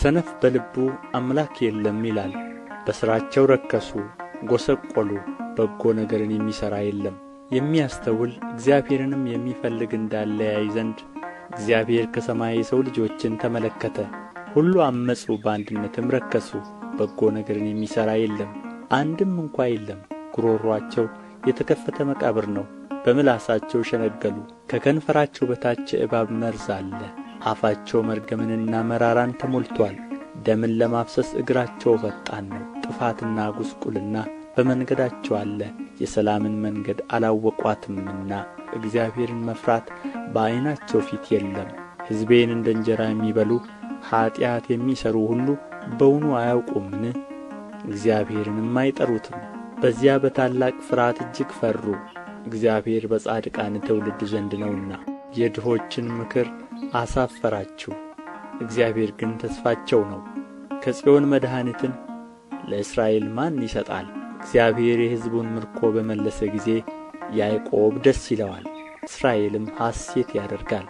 ሰነፍ በልቡ አምላክ የለም ይላል። በሥራቸው ረከሱ፣ ጐሰቈሉ፣ በጎ ነገርን የሚሠራ የለም። የሚያስተውል እግዚአብሔርንም የሚፈልግ እንዳለ ያይ ዘንድ እግዚአብሔር ከሰማይ የሰው ልጆችን ተመለከተ። ሁሉ አመጹ፣ በአንድነትም ረከሱ፣ በጎ ነገርን የሚሠራ የለም፣ አንድም እንኳ የለም። ጉሮሮአቸው የተከፈተ መቃብር ነው፣ በምላሳቸው ሸነገሉ፣ ከከንፈራቸው በታች እባብ መርዝ አለ። አፋቸው መርገምንና መራራን ተሞልቶአል ደምን ለማፍሰስ እግራቸው ፈጣን ነው ጥፋትና ጕስቍልና በመንገዳቸው አለ የሰላምን መንገድ አላወቋትምና እግዚአብሔርን መፍራት በዓይናቸው ፊት የለም ሕዝቤን እንደ እንጀራ የሚበሉ ኀጢአት የሚሠሩ ሁሉ በውኑ አያውቁምን እግዚአብሔርንም አይጠሩትም በዚያ በታላቅ ፍርሃት እጅግ ፈሩ እግዚአብሔር በጻድቃን ትውልድ ዘንድ ነውና የድሆችን ምክር አሳፈራችሁ። እግዚአብሔር ግን ተስፋቸው ነው። ከጽዮን መድኃኒትን ለእስራኤል ማን ይሰጣል? እግዚአብሔር የሕዝቡን ምርኮ በመለሰ ጊዜ ያዕቆብ ደስ ይለዋል፣ እስራኤልም ሐሴት ያደርጋል።